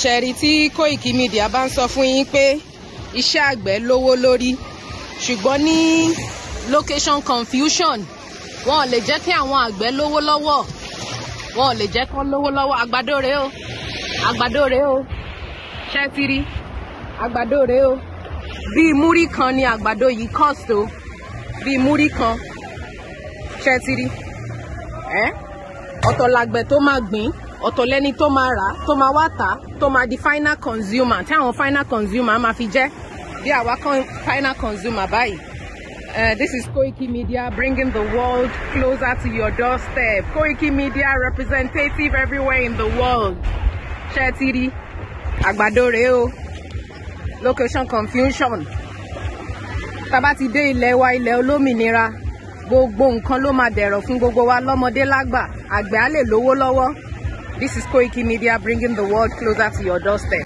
ṣẹ̀rí tí Koiki Media bá ń sọ fún yín pé iṣẹ́ àgbẹ̀ lówó lórí ṣùgbọ́n ní location confusion wọn ò lè jẹ́ kí àwọn àgbẹ̀ lówó lọ́wọ́ wọn ò lè jẹ́ kán lówó lọ́wọ́ àgbàdo rèé o àgbàdo rèé o ṣé ti rí àgbàdo rèé o bíi múrí kan ni àgbàdo yìí cost o bíi múrí kan ṣé ti ọ̀tọ̀ làgbẹ̀ tó máa gbìn ọ̀tọ̀ lẹ́ni tó máa rà tó máa wá tà tó máa di final consumer tí àwọn final consumer máa fi jẹ́ bí àwa final consumer báyìí. Uh, this is Koiki Media bringing the world closer to your doorstep. Koiki Media representative everywhere in the world. Ṣé ti rí? Àgbàdo rèé o. Location confusion. Tá bá ti dé ilẹ̀ wa ilẹ̀ olómìnira gbogbo nǹkan ló máa dẹ̀rọ̀ fún gbogbo wa lọ́mọdé lágbà àgbẹ̀ á lè lówó lọ́wọ́ This is Koiki Media bringing the world closer to your doorstep.